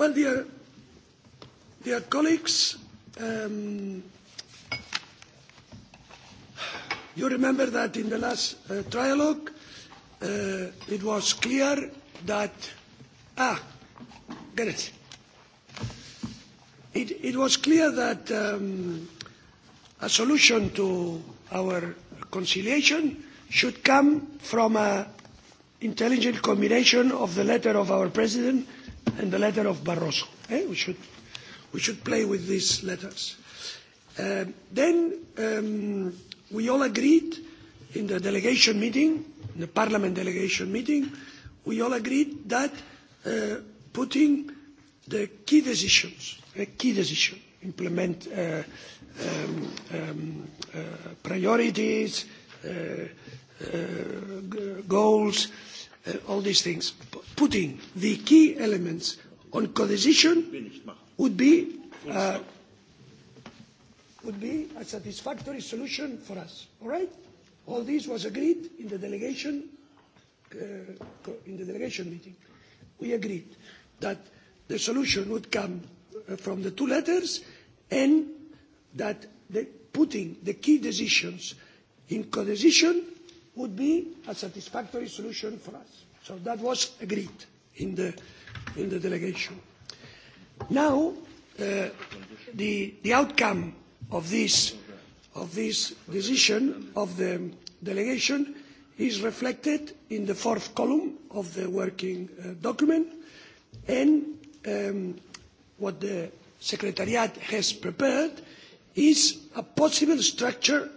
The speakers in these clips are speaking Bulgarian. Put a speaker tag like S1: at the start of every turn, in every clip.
S1: Well, dear, dear colleagues, um, you remember that in the last uh, trialogue, uh, it was clear that, ah, get it. It, it was clear that um, a solution to our conciliation should come from an intelligent combination of the letter of our president and the letter of Barroso. Eh? We, should, we should play with these letters. Um, then um, we all agreed in the delegation meeting, in the parliament delegation meeting, we all agreed that uh, putting the key decisions, a key decision, implement uh, um, um, uh, priorities, uh, uh, goals, all these things. Putting the key elements on codecision would be uh, would be a satisfactory solution for us. All right? All this was agreed in the delegation uh, in the delegation meeting. We agreed that the solution would come from the two letters and that the, putting the key decisions in co-decision would be a satisfactory solution for us. So that was agreed in the, in the delegation. Now, uh, the, the outcome of this, of this decision of the delegation is reflected in the fourth column of the working uh, document and um, what the Secretariat has prepared is a possible structure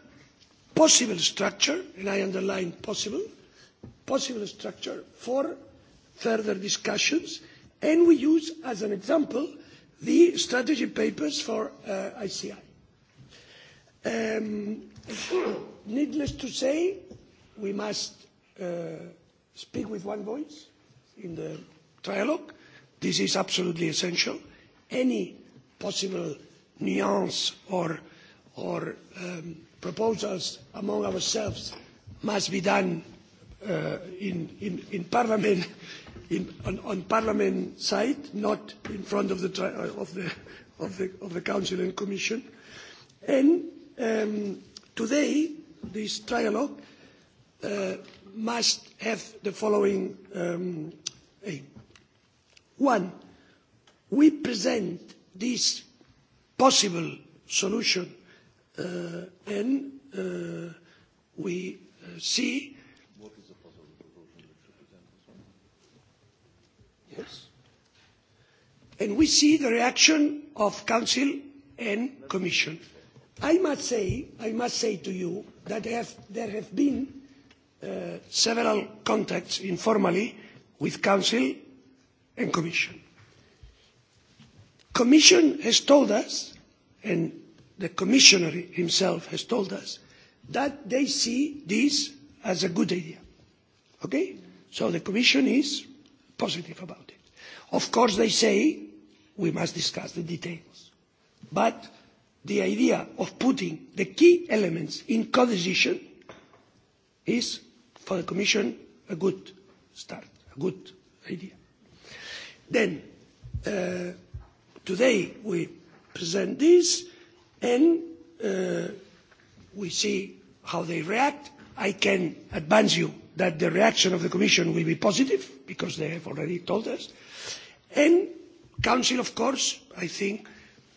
S1: possible structure, and I underline possible, possible structure for further discussions, and we use as an example the strategy papers for ICI. needless to say, we must speak with one voice in the trialogue. This is absolutely essential. Any possible nuance or, or um, proposals among ourselves must be done in, Parliament, on, Parliament side, not in front of the, Council and Commission. And today, this trialogue must have the following aim. One, we present this possible solution and we see yes and we see the reaction of council and commission i must say i must say to you that there have been several contacts informally with council and commission commission has told us and the commissioner himself has told us that they see this as a good idea. Okay? So the commission is positive about it. Of course, they say we must discuss the details. But the idea of putting the key elements in decision is, for the Commission, a good start, a good idea. Then, today we present this and we see how they react. I can advance you that the reaction of the Commission will be positive because they have already told us. And Council, of course, I think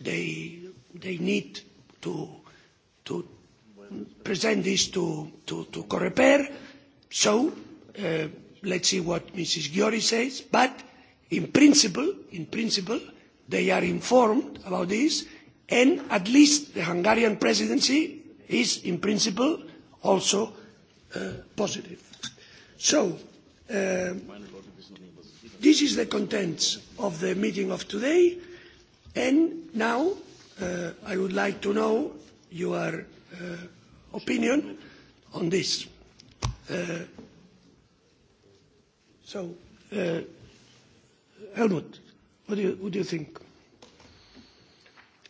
S1: they they need to to present this to to, to Correper. So uh, let's see what Mrs. Giori says. But in principle, in principle, they are informed about this and at least the Hungarian presidency is in principle also positive. So this is the content of the meeting of today and now I would like to know your opinion on this. so, Helmut, what do you, what do you think?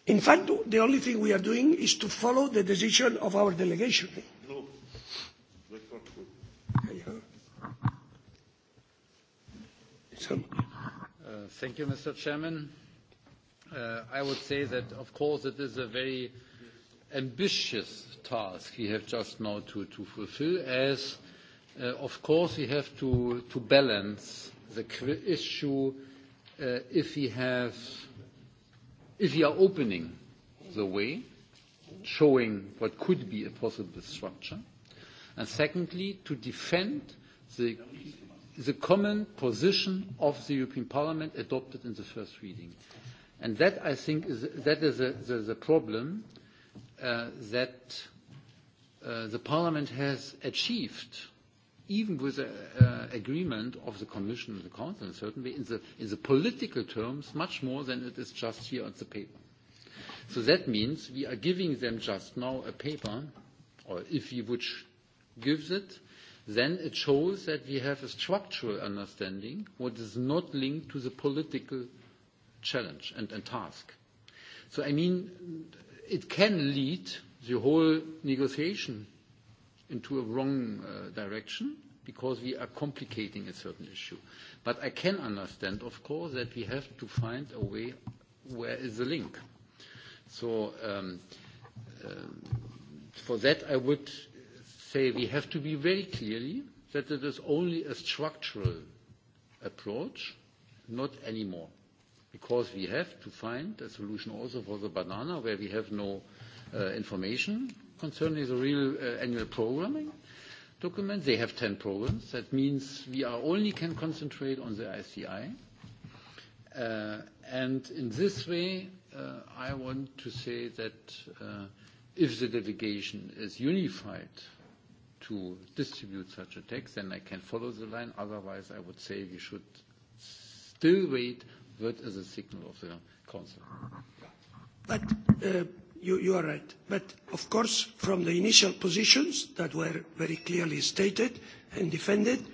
S1: In fact, the only thing we are doing is to follow the decision of our delegation.
S2: Thank you, Mr. Chairman. I would say that, of course, it is a very ambitious task we have just now to fulfill, as, of course, we have to balance the issue if we have If you are opening the way, showing what could be a possible structure, and secondly, to defend the the common position of the European Parliament adopted in the first reading. And that, I think, is, that is a, the, the problem uh, that uh, the Parliament has achieved even with the uh, agreement of the Commission and the Council, and certainly in the, in the political terms, much more than it is just here on the paper. So that means we are giving them just now a paper, or if we would give it, then it shows that we have a structural understanding what is not linked to the political challenge and, and task. So I mean, it can lead the whole negotiation into a wrong uh, direction because we are complicating a certain issue. But I can understand, of course, that we have to find a way where is the link. So um, for that, I would say we have to be very clearly that it is only a structural approach, not anymore. Because we have to find a solution also for the banana where we have no uh, information concerning the real uh, annual programming document. They have 10 programs. That means we are only can concentrate on the ICI. Uh, and in this way, uh, I want to say that uh, if the delegation is unified to distribute such a text, then I can follow the line. Otherwise, I would say we should still wait. what is a signal of the Council.
S1: But uh, You, you are right. But of course, from the initial positions that were very clearly stated and defended,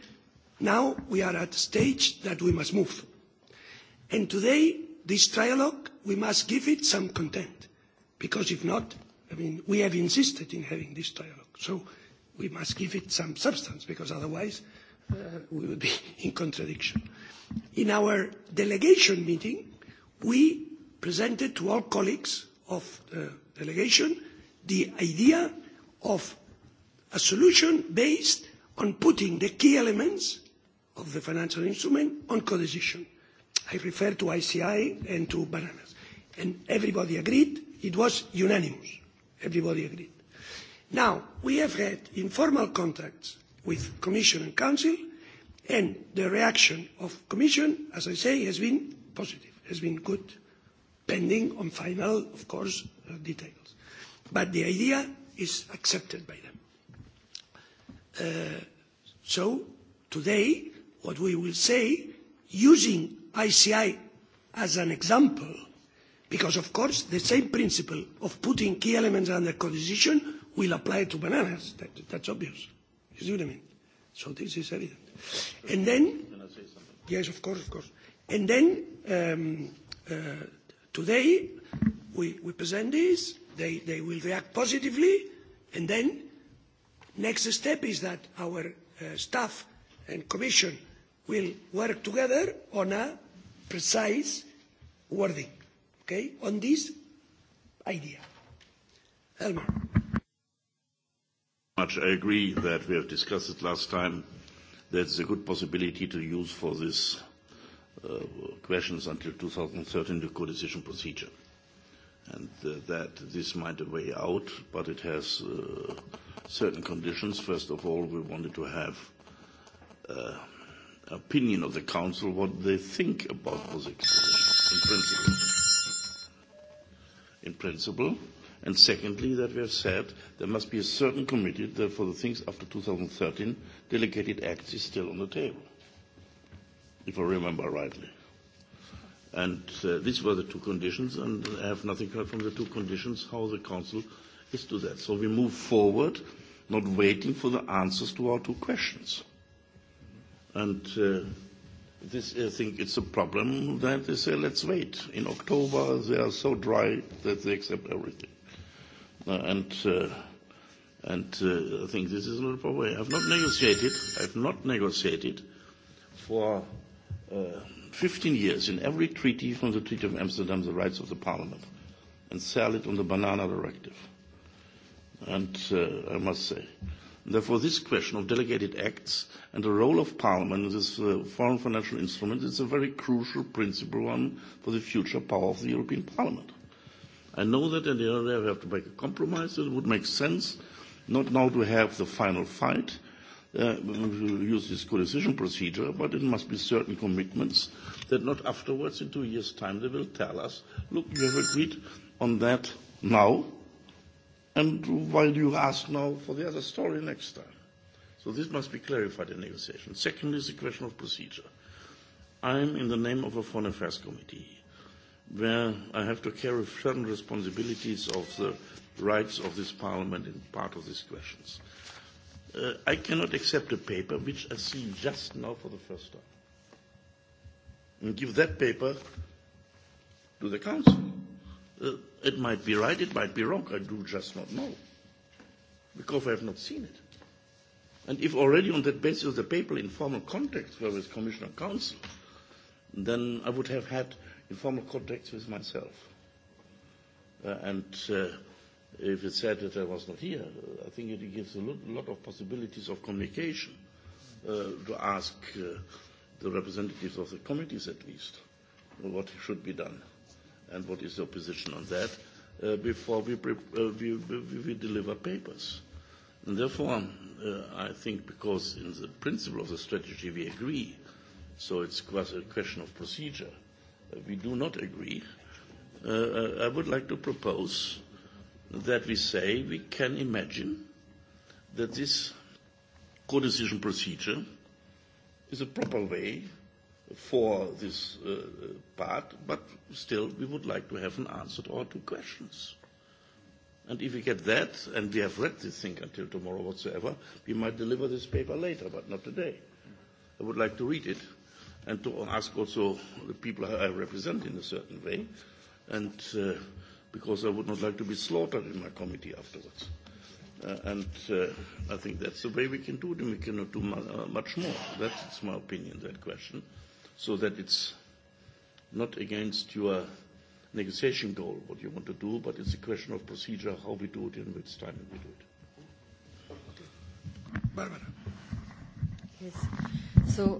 S1: now we are at a stage that we must move. And today, this trialogue, we must give it some content, because if not, I mean, we have insisted in having this dialogue, so we must give it some substance, because otherwise uh, we would be in contradiction. In our delegation meeting, we presented to all colleagues of the delegation the idea of a solution based on putting the key elements of the financial instrument on codecision. I refer to ICI and to bananas. And everybody agreed. It was unanimous. Everybody agreed. Now, we have had informal contacts with Commission and Council, and the reaction of Commission, as I say, has been positive, has been good Depending on final, of course, details. But the idea is accepted by them. so today, what we will say, using ICI as an example, because of course the same principle of putting key elements under codecision will apply to bananas. That, that's obvious. You see what I mean? So this is evident. And then, yes, of course, of course. And then. Um, uh, Today, we, we present this, they, they will react positively, and then the next step is that our staff and Commission will work together on a precise wording, okay, on this idea. Helmer.
S3: Much. I agree that we have discussed it last time. There's a good possibility to use for this uh, questions until 2013, the co-decision procedure. And uh, that this might a way out, but it has uh, certain conditions. First of all, we wanted to have uh, opinion of the Council what they think about position in principle. In principle. And secondly, that we have said there must be a certain committee that for the things after 2013, delegated acts is still on the table if I remember rightly. And uh, these were the two conditions, and I have nothing heard from the two conditions how the Council is to that. So we move forward, not waiting for the answers to our two questions. And uh, this, I think it's a problem that they say, let's wait. In October, they are so dry that they accept everything. Uh, and uh, and uh, I think this is not a problem. I I've not negotiated. I've not negotiated for uh, 15 years in every treaty from the Treaty of Amsterdam the rights of the Parliament and sell it on the banana directive. And uh, I must say, therefore, this question of delegated acts and the role of Parliament in this uh, foreign financial instrument is a very crucial principle one for the future power of the European Parliament. I know that in the area we have to make a compromise it would make sense, not now to have the final fight, uh, use this co-decision procedure, but it must be certain commitments that not afterwards, in two years' time, they will tell us, look, you have agreed on that now, and why do you ask now for the other story next time? So this must be clarified in negotiation. Secondly, is the question of procedure. I am in the name of a Foreign Affairs Committee, where I have to carry certain responsibilities of the rights of this Parliament in part of these questions uh, I cannot accept a paper which I see just now for the first time and give that paper to the council. Uh, it might be right, it might be wrong. I do just not know because I have not seen it. And if already on that basis of the paper informal contacts were with Commissioner Council, then I would have had informal contacts with myself. Uh, and uh, if it said that I was not here. I think it gives a lot of possibilities of communication uh, to ask uh, the representatives of the committees at least what should be done and what is their position on that uh, before we, pre- uh, we, we, we deliver papers. And therefore, uh, I think because in the principle of the strategy we agree, so it's quite a question of procedure, uh, we do not agree, uh, I would like to propose uh, that we say we can imagine that this co-decision procedure is a proper way for this uh, part, but still we would like to have an answer to our two questions. And if we get that, and we have read this thing until tomorrow whatsoever, we might deliver this paper later, but not today. I would like to read it and to ask also the people I represent in a certain way. And uh, because I would not like to be slaughtered in my committee afterwards. Uh, and uh, I think that's the way we can do it and We cannot do mu- uh, much more. That's my opinion, that question. So that it's not against your negotiation goal, what you want to do, but it's a question of procedure, how we do it, and which time we do it.
S4: Barbara. Yes. So,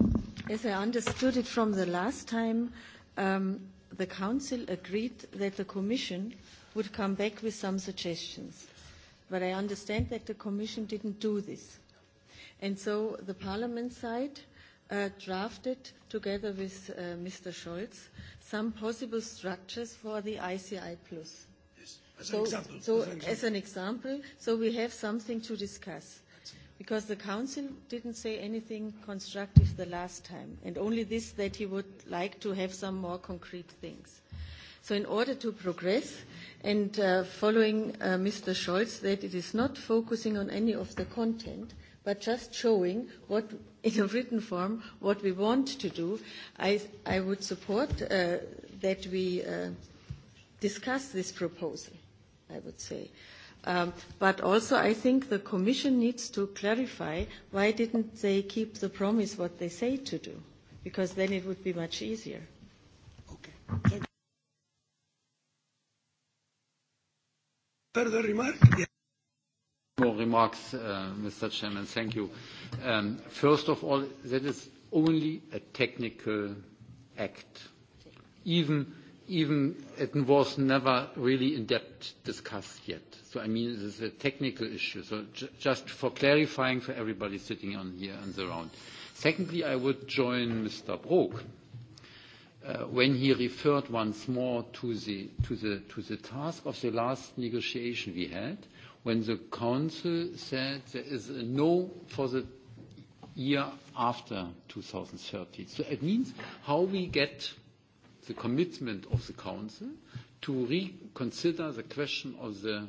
S5: as I understood it from the last time, um, the Council agreed that the Commission would come back with some suggestions. But I understand that the Commission didn't do this. And so the Parliament side uh, drafted, together with uh, Mr. Scholz, some possible structures for the ICI Plus. Yes, as an example. So as an example, so we have something to discuss because the Council didn't say anything constructive the last time, and only this that he would like to have some more concrete things. So in order to progress, and uh, following uh, Mr. Scholz, that it is not focusing on any of the content, but just showing what, in a written form, what we want to do, I, I would support uh, that we uh, discuss this proposal, I would say. Uh, But also, I think the Commission needs to clarify why didn't they keep the promise what they say to do, because then it would be much easier. Okay.
S1: Further More
S2: remarks, uh, Mr. Chairman. Thank you. Um, first of all, that is only a technical act. Even even it was never really in depth discussed yet. So I mean, this is a technical issue. So just for clarifying for everybody sitting on here and around. Secondly, I would join Mr. Brok when he referred once more to the to the to the task of the last negotiation we had, when the council said there is a no for the year after 2030. So it means how we get the commitment of the Council to reconsider the question of the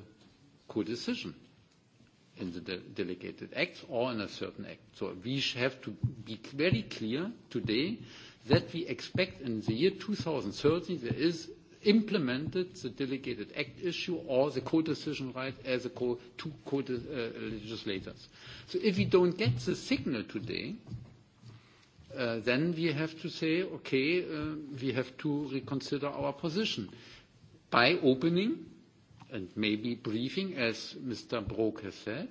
S2: co-decision in the de- delegated acts or in a certain act. So we have to be very clear today that we expect in the year 2030 there is implemented the delegated act issue or the co-decision right as a co- two co-legislators. So if we don't get the signal today then we have to say, okay, we have to reconsider our position by opening and maybe briefing, as Mr. Brok has said,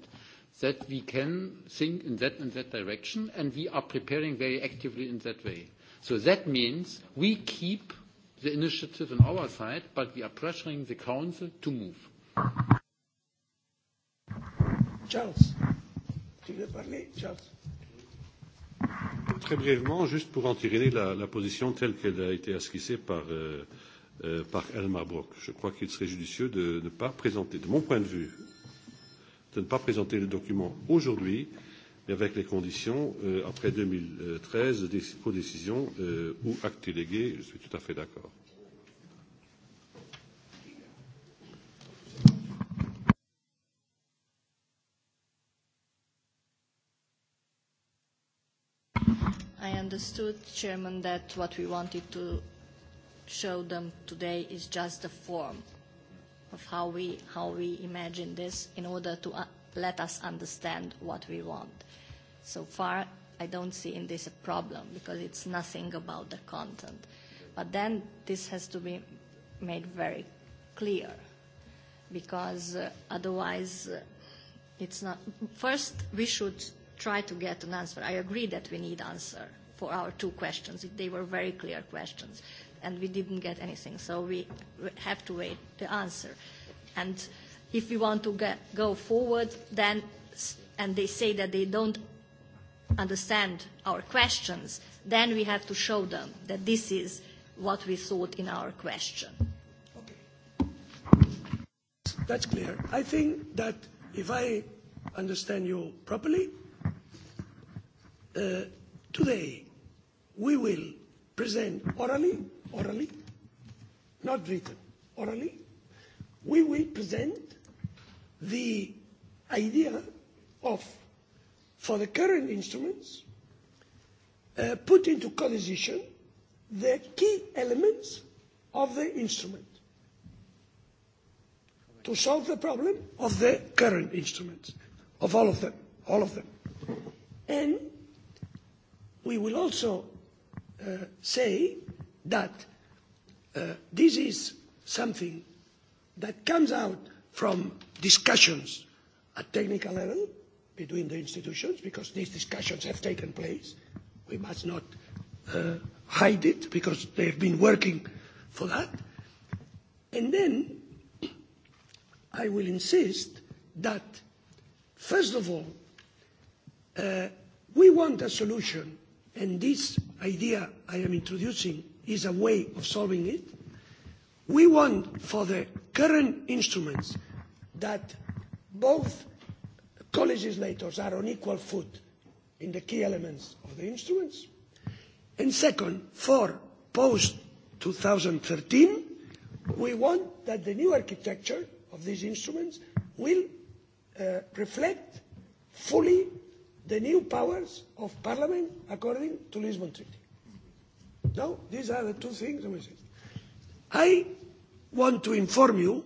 S2: that we can think in that and that direction, and we are preparing very actively in that way. So That means we keep the initiative on our side, but we are pressuring the council to move.
S1: Charles, Charles.
S3: Très brièvement, juste pour en tirer la, la position telle qu'elle a été esquissée par, euh, euh, par Elmar Brock. Je crois qu'il serait judicieux de ne pas présenter, de mon point de vue, de ne pas présenter le document aujourd'hui, mais avec les conditions, euh, après 2013, des codécisions euh, ou actes délégués. Je suis tout à fait d'accord.
S4: understood, Chairman, that what we wanted to show them today is just the form of how we, how we imagine this in order to uh, let us understand what we want. So far, I don't see in this a problem because it's nothing about the content. But then this has to be made very clear because uh, otherwise uh, it's not. First, we should try to get an answer. I agree that we need answer for our two questions. They were very clear questions, and we didn't get anything. So we have to wait the answer. And if we want to get, go forward, then and they say that they don't understand our questions, then we have to show them that this is what we thought in our question.
S1: That's clear. I think that if I understand you properly, today we will present orally, orally, not written, orally, we will present the idea of, for the current instruments, uh, put into co-decision the key elements of the instrument to solve the problem of the current instruments, of all of them, all of them. And we will also say that this is something that comes out from discussions at technical level between the institutions, because these discussions have taken place. We must not hide it, because they have been working for that. And then I will insist that, first of all, we want a solution and this idea I am introducing is a way of solving it, we want for the current instruments that both co-legislators are on equal foot in the key elements of the instruments, and second, for post thirteen we want that the new architecture of these instruments will reflect fully the new powers of Parliament according to the Lisbon Treaty. No, these are the two things. I want to inform you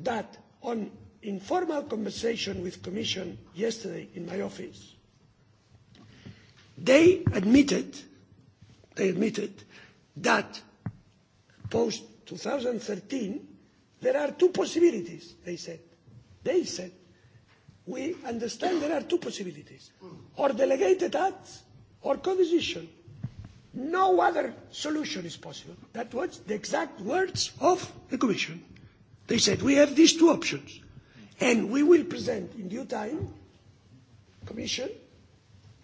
S1: that on informal conversation with Commission yesterday in my office, they admitted, they admitted that post 2013 there are two possibilities, they said. They said we understand there are two possibilities, or delegated acts or codecision. No other solution is possible. That was the exact words of the Commission. They said, we have these two options, and we will present in due time, Commission,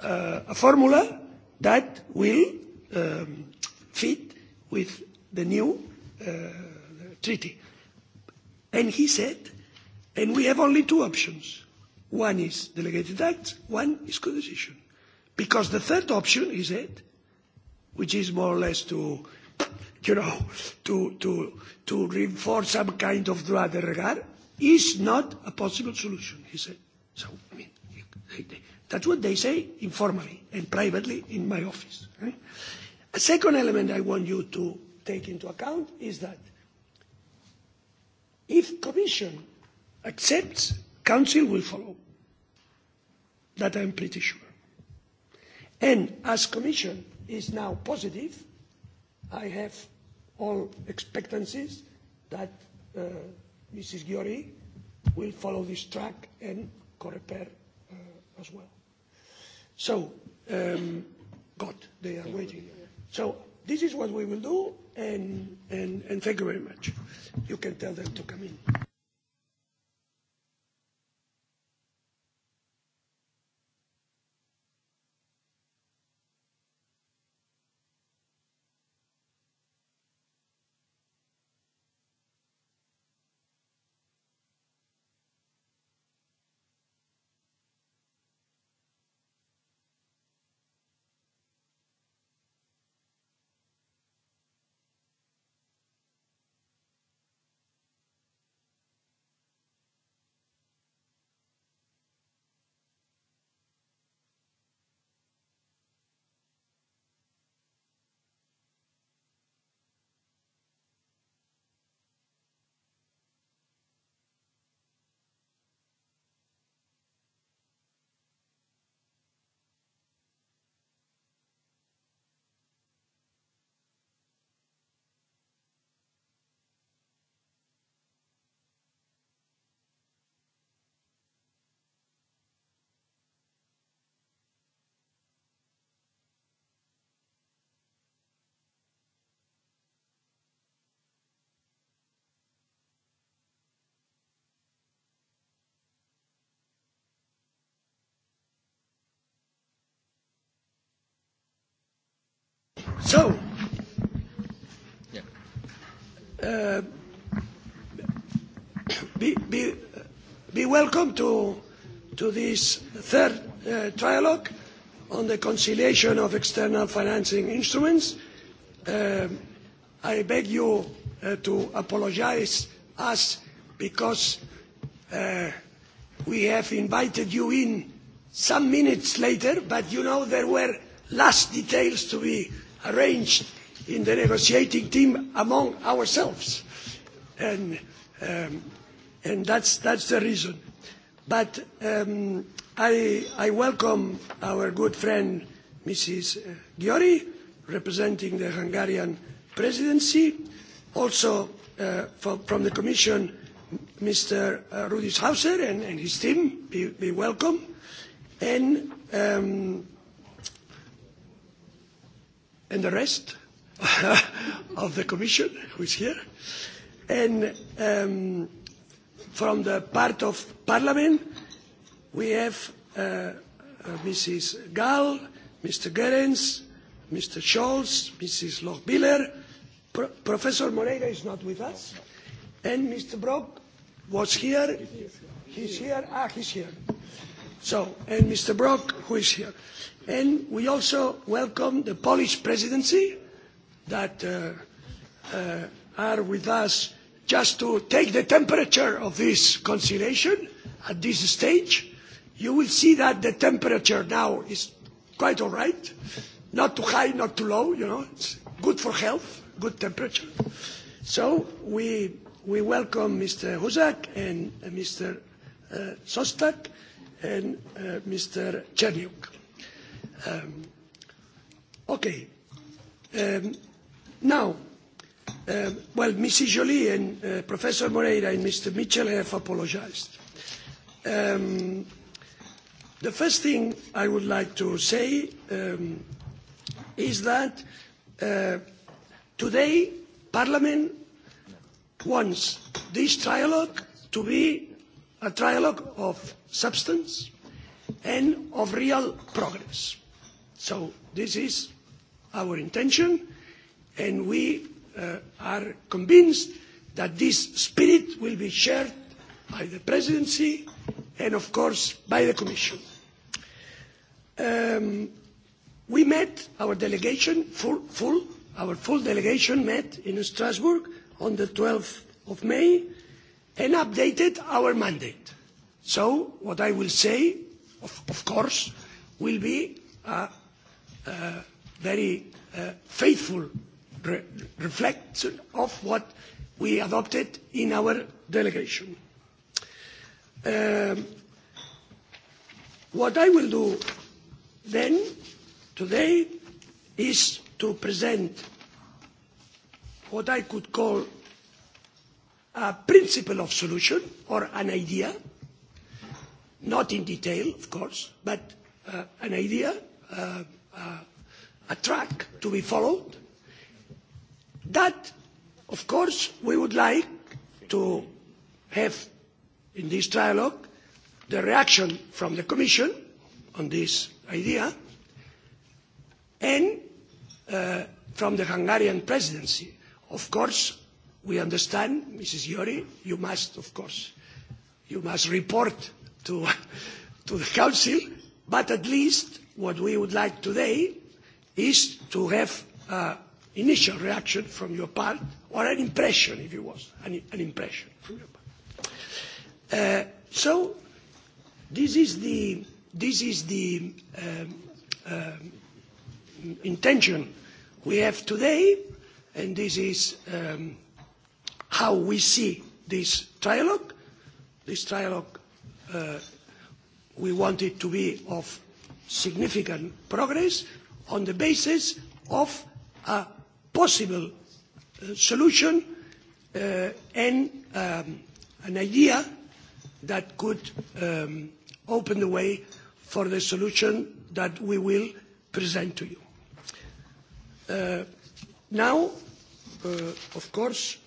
S1: uh, a formula that will um, fit with the new uh, treaty. And he said, and we have only two options One is delegated acts, one is codecision. Because the third option he said, which is more or less to, you know, to, to, to reinforce some kind of droit de regard, is not a possible solution, he said. So, I mean, that's what they say informally and privately in my office. Right? A second element I want you to take into account is that if Commission accepts Council will follow. That I am pretty sure. And as Commission is now positive, I have all expectancies that uh, Mrs. Giori will follow this track and Coreper uh, as well. So, um, God, they are waiting. So this is what we will do, and, and, and thank you very much. You can tell them to come in. So, uh, be, be, be welcome to, to this third uh, trialogue on the conciliation of external financing instruments. Uh, I beg you uh, to apologise us because uh, we have invited you in some minutes later, but you know there were last details to be arranged in the negotiating team among ourselves. And, um, and that's, that's the reason. But um, I, I welcome our good friend Mrs. Giori, representing the Hungarian presidency. Also from the Commission, Mr. Rudis Hauser and, his team, be, welcome. And and the rest of the Commission, who is here, and um, from the part of Parliament, we have uh, uh, Mrs. Gall, Mr. Goerens, Mr. Scholz, Mrs. Lochbiller, Pro- Professor Moreira is not with us, and Mr. Brock was here. He's here. Ah, he's here. So, and Mr. Brock, who is here. And we also welcome the Polish presidency that are with us just to take the temperature of this conciliation at this stage. You will see that the temperature now is quite all right, not too high, not too low, you know, it's good for health, good temperature. So we, we welcome Mr. Huzak and Mr. Sostak and Mr. Cherniuk okay. now, well, Mrs. Jolie and Professor Moreira and Mr. Mitchell have apologised. the first thing I would like to say is that today Parliament wants this trialogue to be a trialogue of substance and of real progress So this is our intention, and we are convinced that this spirit will be shared by the presidency and, of course, by the Commission. we met, our delegation, full, full, our full delegation met in Strasbourg on the 12th of May and updated our mandate. So what I will say, of, course, will be very faithful re- reflection of what we adopted in our delegation. what I will do then today is to present what I could call a principle of solution or an idea, not in detail, of course, but an idea a track to be followed. That, of course, we would like to have in this trialogue the reaction from the Commission on this idea and from the Hungarian presidency. Of course, we understand, Mrs. Iori, you must, of course, you must report to, to the Council, but at least What we would like today is to have an initial reaction from your part, or an impression, if you was, an, an impression from your part. Uh, so, this is the, this is the um, um, intention we have today, and this is um, how we see this trialogue. This trialogue, uh, we want it to be of significant progress on the basis of a possible solution and an idea that could open the way for the solution that we will present to you. Now, of course,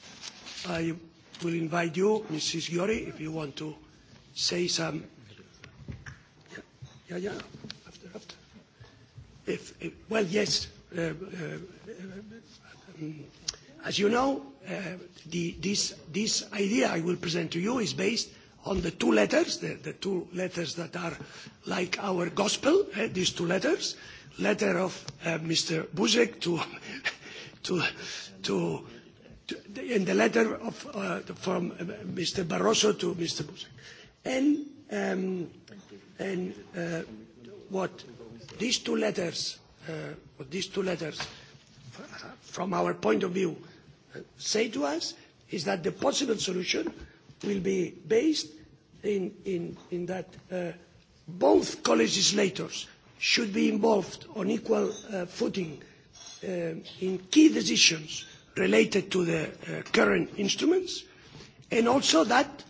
S1: I will invite you, Mrs. Giori, if you want to say some. Yeah, yeah if, if, well, yes. Uh, uh, um, as you know, uh, the, this, this idea I will present to you is based on the two letters, the, the two letters that are like our gospel, eh, these two letters, letter of uh, Mr. Buzek to, to, to, to, and the letter of, uh, from uh, Mr. Barroso to Mr. Buzek. And, um, and uh, what These two letters, these two letters, from our point of view, say to us is that the possible solution will be based in, in, in that both co-legislators should be involved on equal footing in key decisions related to the current instruments, and also that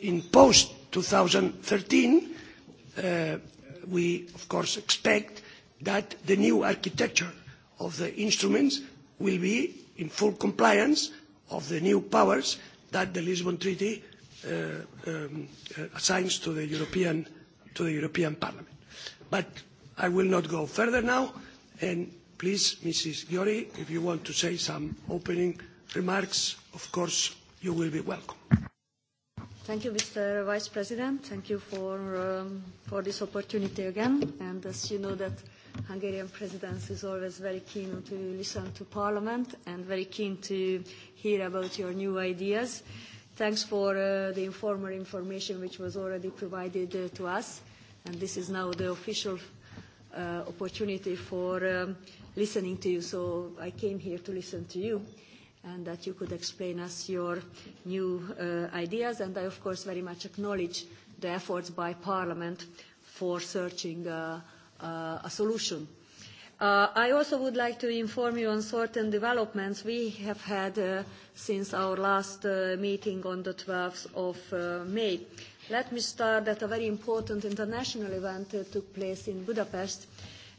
S1: in post thirteen we, of course, expect that the new architecture of the instruments will be in full compliance of the new powers that the Lisbon Treaty assigns to the European Parliament. But I will not go further now, and please, Mrs. Giori, if you want to say some opening remarks, of course, you will be welcome.
S4: Thank you, Mr. Vice President. Thank you for, um, for this opportunity again. And as you know that Hungarian presidency is always very keen to listen to Parliament and very keen to hear about your new ideas. Thanks for uh, the informal information which was already provided uh, to us. And this is now the official uh, opportunity for um, listening to you. So I came here to listen to you and that you could explain us your new ideas. And I, of course, very much acknowledge the efforts by Parliament for searching a solution. I also would like to inform you on certain developments we have had since our last meeting on the 12th of May. Let me start that a very important international event took place in Budapest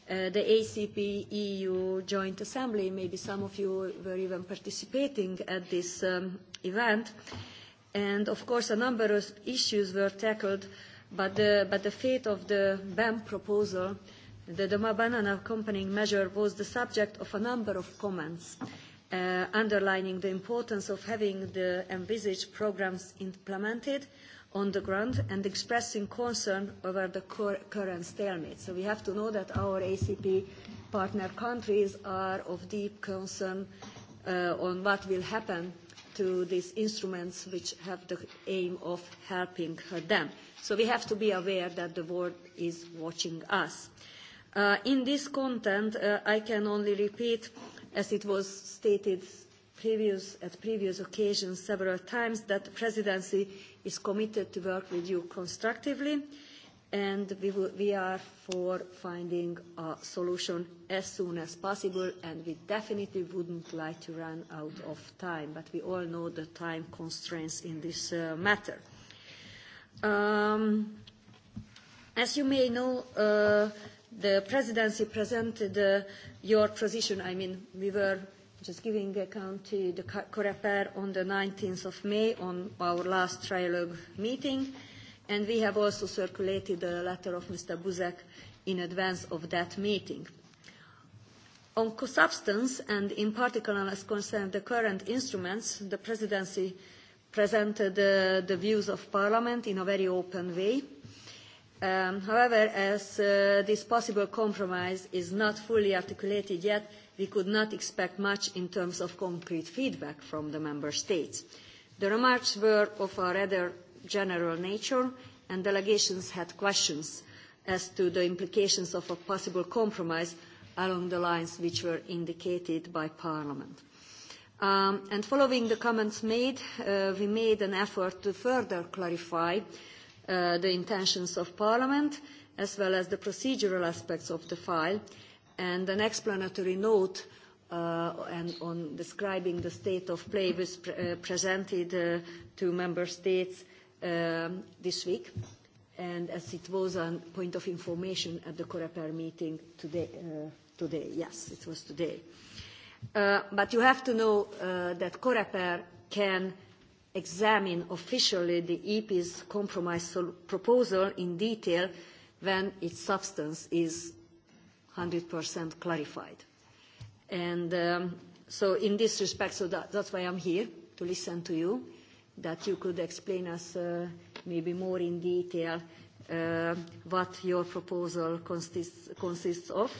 S4: the ACP EU Joint Assembly. Maybe some of you were even participating at this event. And of course, a number of issues were tackled, but the, but the fate of the BAM proposal, the Doma Banana accompanying measure, was the subject of a number of comments. underlining the importance of having the envisaged programmes implemented, on the ground and expressing concern over the current stalemate. So we have to know that our ACP partner countries are of deep concern on what will happen to these instruments which have the aim of helping them. So we have to be aware that the world is watching us. in this content, I can only repeat, as it was stated previous, at previous occasions several times, that the presidency is committed to work with you constructively, and we, will, we are for finding a solution as soon as possible, and we definitely wouldn't like to run out of time, but we all know the time constraints in this uh, matter. Um, as you may know, uh, the presidency presented uh, your position. I mean, we were just giving account to the COREPER on the 19th of May on our last trilogue meeting. And we have also circulated a letter of Mr. Buzek in advance of that meeting. On co-substance, and in particular as concerns the current instruments, the presidency presented the views of Parliament in a very open way. however, as this possible compromise is not fully articulated yet, we could not expect much in terms of concrete feedback from the member states. The remarks were of a rather general nature, and delegations had questions as to the implications of a possible compromise along the lines which were indicated by Parliament. and following the comments made, we made an effort to further clarify the intentions of Parliament as well as the procedural aspects of the file and an explanatory note and on describing the state of play was presented to member states this week, and as it was a point of information at the COREPER meeting today, today. Yes, it was today. But you have to know that COREPER can examine officially the EP's compromise proposal in detail when its substance is 100% clarified. And so in this respect, so that, that's why I'm here, to listen to you, that you could explain us maybe more in detail what your proposal consists, of.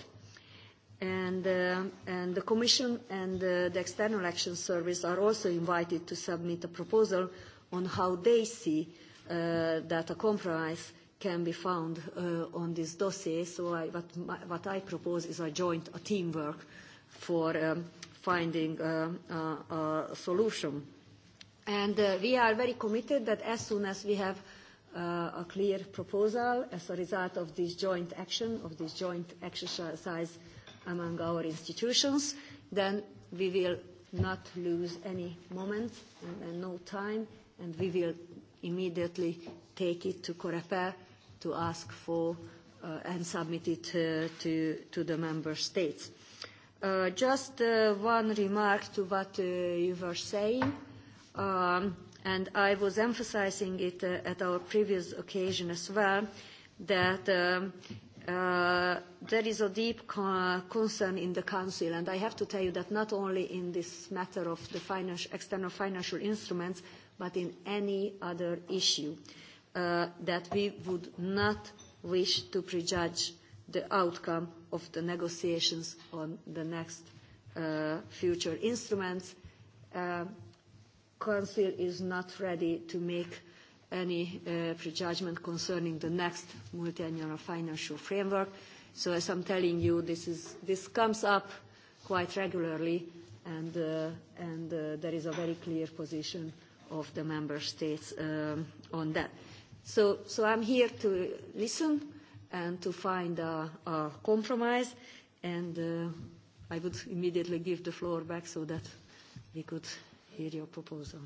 S4: And, the Commission and the External Action Service are also invited to submit a proposal on how they see that a compromise can be found uh, on this dossier. So I, what, my, what I propose is a joint a teamwork for um, finding uh, uh, a solution. And uh, we are very committed that as soon as we have uh, a clear proposal as a result of this joint action, of this joint exercise among our institutions, then we will not lose any moment and, and no time, and we will immediately take it to Coreper to ask for uh, and submit it uh, to, to the member states. Uh, just uh, one remark to what uh, you were saying, um, and I was emphasizing it uh, at our previous occasion as well, that um, uh, there is a deep co- concern in the Council, and I have to tell you that not only in this matter of the financial, external financial instruments, but in any other issue. Uh, that we would not wish to prejudge the outcome of the negotiations on the next future instruments. The Council is not ready to make any prejudgment concerning the next multi-annual financial framework. So as I'm telling you, this, comes up quite regularly and, there is a very clear position of the member states on that. So, so I'm here to listen and to find a, a compromise, and uh, I would immediately give the floor back so that we could hear your proposal.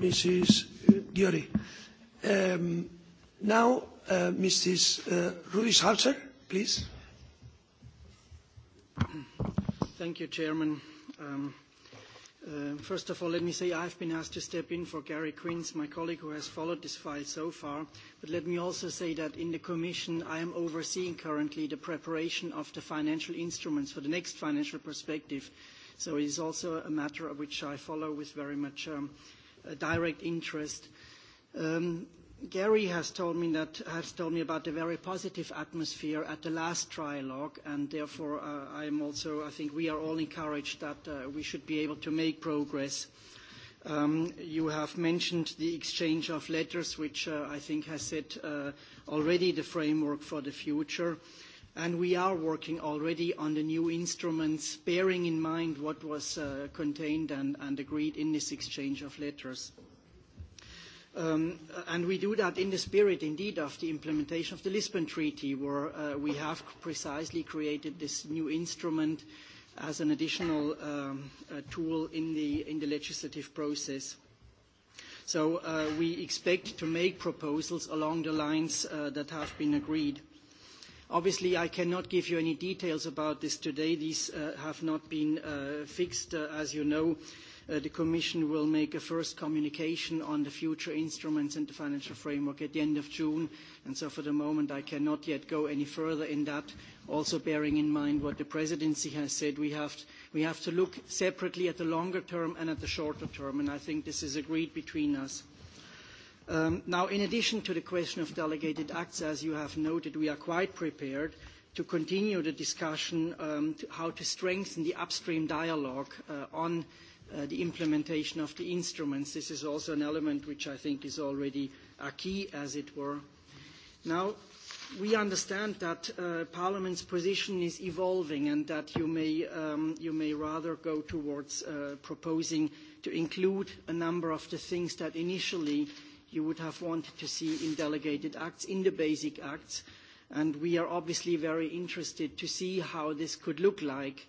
S1: Mrs. Diori. Um, now, uh, Mrs. Uh, please.
S6: Thank you, Chairman. Um, First of all, let me say I've been asked to step in for Gary Quinn, my colleague who has followed this file so far. But let me also say that in the Commission, I am overseeing currently the preparation of the financial instruments for the next financial perspective. So it is also a matter which I follow with very much direct interest. Gary has told me that has told me about the very positive atmosphere at the last trilogue, and therefore uh, am also I think we are all encouraged that uh, we should be able to make progress. Um, you have mentioned the exchange of letters, which uh, I think has set uh, already the framework for the future. And we are working already on the new instruments, bearing in mind what was uh, contained and, and agreed in this exchange of letters and we do that in the spirit, indeed, of the implementation of the Lisbon Treaty, where we have precisely created this new instrument as an additional tool in the legislative process. So we expect to make proposals along the lines that have been agreed. Obviously, I cannot give you any details about this today. These have not been fixed, as you know the Commission will make a first communication on the future instruments and the financial framework at the end of June. And so for the moment, I cannot yet go any further in that. Also bearing in mind what the presidency has said, we have, to look separately at the longer term and at the shorter term. And I think this is agreed between us. now, in addition to the question of delegated acts, as you have noted, we are quite prepared to continue the discussion on how to strengthen the upstream dialogue on the implementation of the instruments. This is also an element which I think is already a key, as it were. Now, we understand that Parliament's position is evolving and that you may rather go towards proposing to include a number of the things that initially you would have wanted to see in delegated acts, in the basic acts. and We are obviously very interested to see how this could look like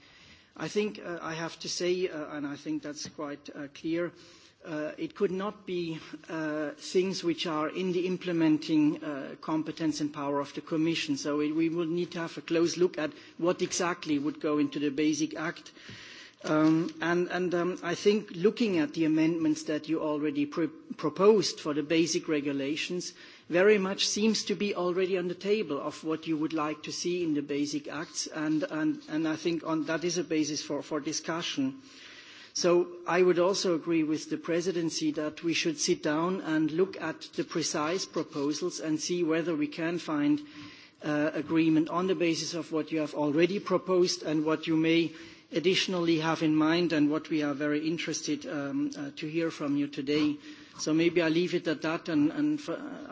S6: I think I have to say, and I think that's quite clear, it could not be things which are in the implementing competence and power of the Commission. So we will need to have a close look at what exactly would go into the Basic Act. And I think looking at the amendments that you already proposed for the basic regulations, very much seems to be already on the table of what you would like to see in the basic acts, and, and, and I think on, that is a basis for, for discussion. So I would also agree with the presidency that we should sit down and look at the precise proposals and see whether we can find agreement on the basis of what you have already proposed and what you may additionally have in mind and what we are very interested to hear from you today. So maybe I'll leave it at that. And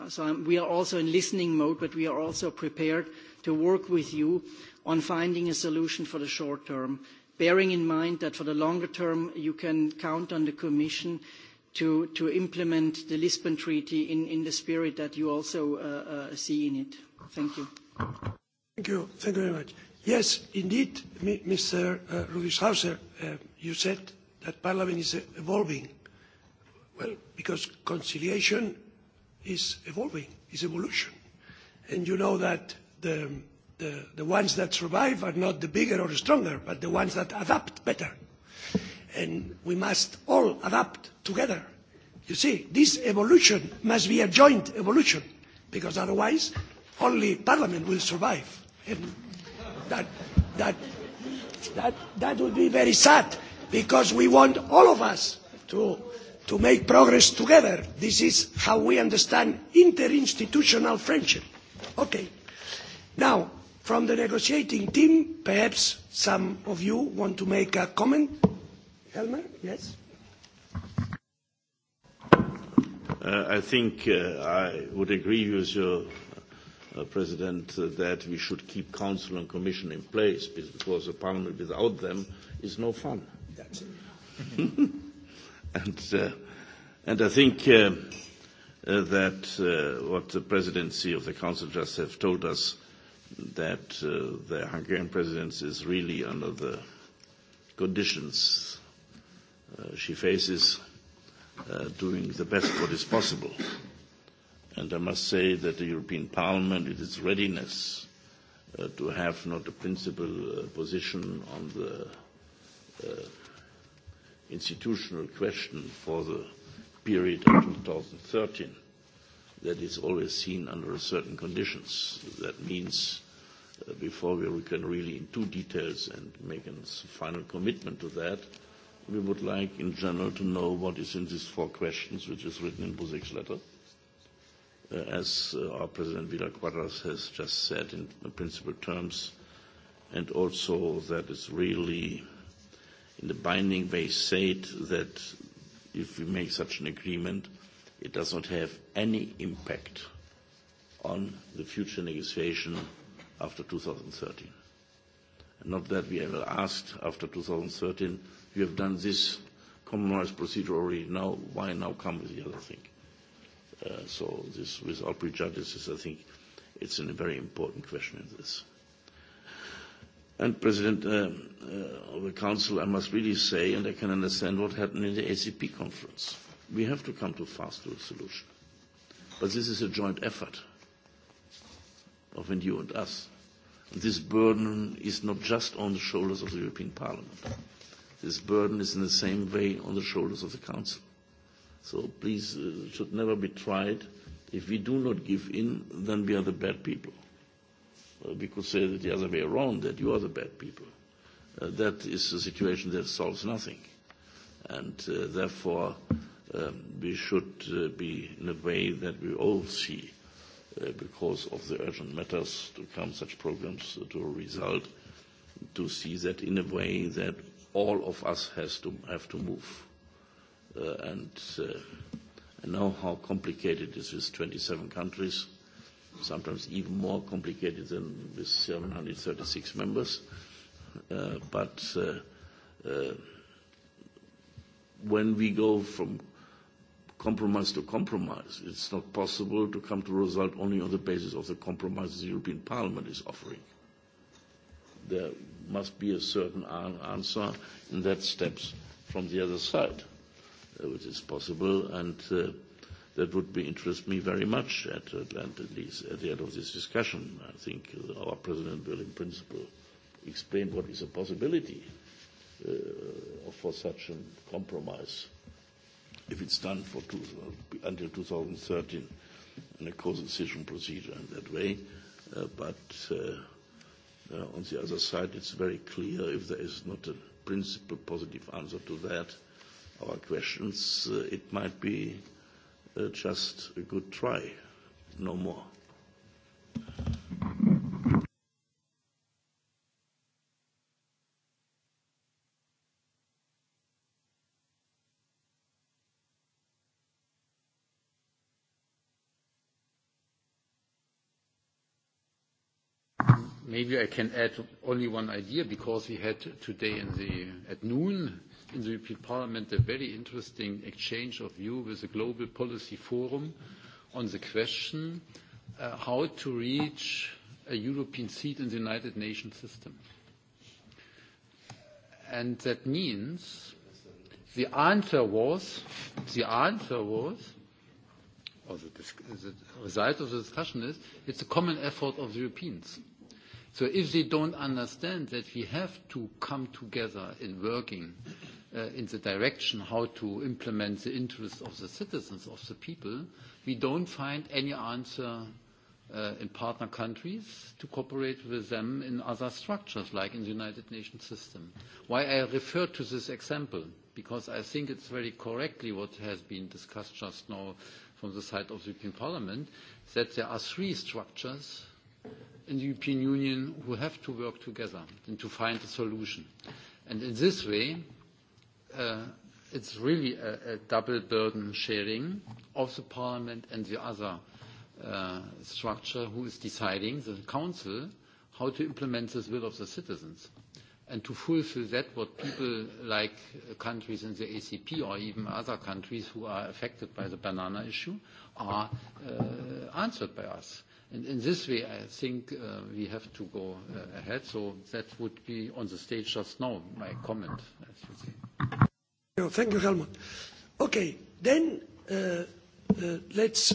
S6: so we are also in listening mode, but we are also prepared to work with you on finding a solution for the short term, bearing in mind that for the longer term, you can count on the Commission to implement the Lisbon Treaty in the spirit that you also see in it. Thank you.
S1: Thank you. Thank you very much. Yes, indeed, Mr. Rudishauser, you said that Parliament is evolving Well, because conciliation is evolving, is evolution. And you know that the, the, the ones that survive are not the bigger or the stronger, but the ones that adapt better. And we must all adapt together. You see, this evolution must be a joint evolution, because otherwise only Parliament will survive. And that, that, that, that would be very sad, because we want all of us to to make progress together. This is how we understand interinstitutional friendship. Okay. Now, from the negotiating team, perhaps some of you want to make a comment? Helmer, yes?
S3: I think I would agree with you, President, that we should keep Council and Commission in place because a Parliament without them is no fun. That's it. And, uh, and I think uh, uh, that uh, what the presidency of the Council just have told us, that uh, the Hungarian presidency is really under the conditions uh, she faces, uh, doing the best what is possible. And I must say that the European Parliament, in its readiness uh, to have not a principal uh, position on the uh, institutional question for the period of 2013 that is always seen under certain conditions. That means uh, before we can really into details and make a final commitment to that, we would like in general to know what is in these four questions, which is written in Buzik's letter. Uh, as uh, our President Vila Quadras has just said in principal terms, and also that it's really in the binding way said that if we make such an agreement, it does not have any impact on the future negotiation after 2013. Not that we ever asked after 2013, you have done this rights procedure already now, why now come with the other thing? Uh, so this, without prejudices, I think it's a very important question in this. And President uh, uh, of the Council, I must really say, and I can understand what happened in the ACP conference. We have to come to fast to a solution. But this is a joint effort of you and us. And this burden is not just on the shoulders of the European Parliament. This burden is in the same way on the shoulders of the Council. So please, uh, should never be tried. If we do not give in, then we are the bad people we could say that the other way around, that you are the bad people. Uh, that is a situation that solves nothing. And uh, therefore, um, we should uh, be in a way that we all see, uh, because of the urgent matters to come, such programs to a result, to see that in a way that all of us has to have to move. Uh, and, uh, and now how complicated it is with 27 countries sometimes even more complicated than with 736 members. Uh, but uh, uh, when we go from compromise to compromise, it's not possible to come to a result only on the basis of the compromises the European Parliament is offering. There must be a certain answer in that steps from the other side, uh, which is possible. And uh, that would be interest me very much at, at, at least at the end of this discussion. I think our president will, in principle, explain what is a possibility uh, for such a compromise if it's done for two, until 2013 in a co-decision procedure in that way. Uh, but uh, uh, on the other side, it's very clear if there is not a principle positive answer to that, our questions, uh, it might be uh, just a good try, no more.
S2: Maybe I can add only one idea because we had today in the, at noon in the European Parliament a very interesting exchange of view with the Global Policy Forum on the question uh, how to reach a European seat in the United Nations system. And that means the answer was, the answer was, or the, the result of the discussion is, it's a common effort of the Europeans. So if they don't understand that we have to come together in working in the direction how to implement the interests of the citizens, of the people, we don't find any answer in partner countries to cooperate with them in other structures, like in the United Nations system. Why I refer to this example, because I think it's very correctly what has been discussed just now from the side of the European Parliament, that there are three structures in the European Union who have to work together and to find a solution. And in this way, it's really a, a double burden sharing of the parliament and the other uh, structure who is deciding, the council, how to implement this will of the citizens. And to fulfill that, what people like countries in the ACP or even other countries who are affected by the banana issue are uh, answered by us In this way, I think we have to go ahead. So That would be on the stage just now, my comment, as you
S1: see. Thank you, Helmut. Okay. Then Let's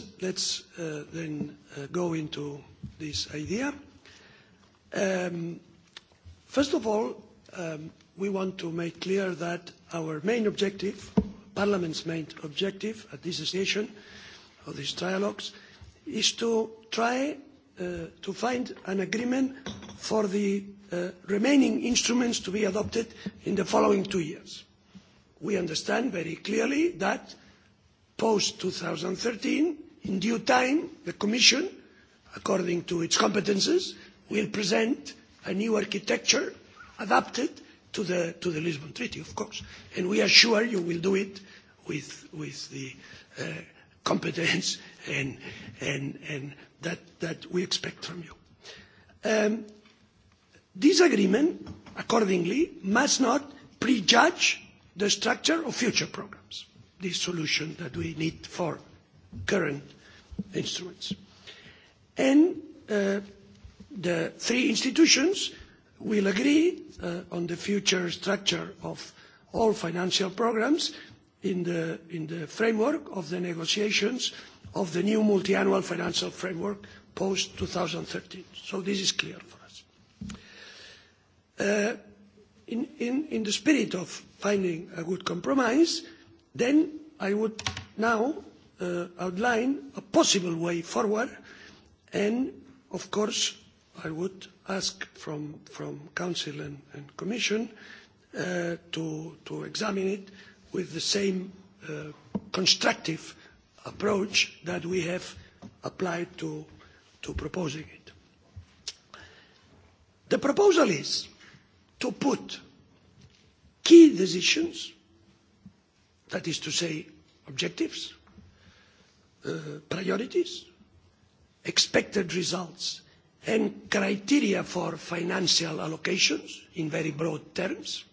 S1: then go into this idea. First of all, we want to make clear that our main objective, Parliament's main objective at this session of these trialogues, is to try to find an agreement for the remaining instruments to be adopted in the following two years. We understand very clearly that post thirteen, in due time, the Commission, according to its competences, will present a new architecture adapted to the, to the Lisbon Treaty, of course. And we are sure you will do it with, with the competence and that we expect from you. This agreement, accordingly, must not prejudge the structure of future programmes, the solution that we need for current instruments. And the three institutions will agree on the future structure of all financial programmes in the framework of the negotiations of the new multiannual financial framework post thirteen. So this is clear for us. In the spirit of finding a good compromise, then I would now outline a possible way forward, and of course, I would ask from Council and Commission to examine it with the same constructive approach that we have applied to, proposing it. The proposal is to put key decisions, that is to say, objectives, priorities, expected results, and criteria for financial allocations in very broad terms,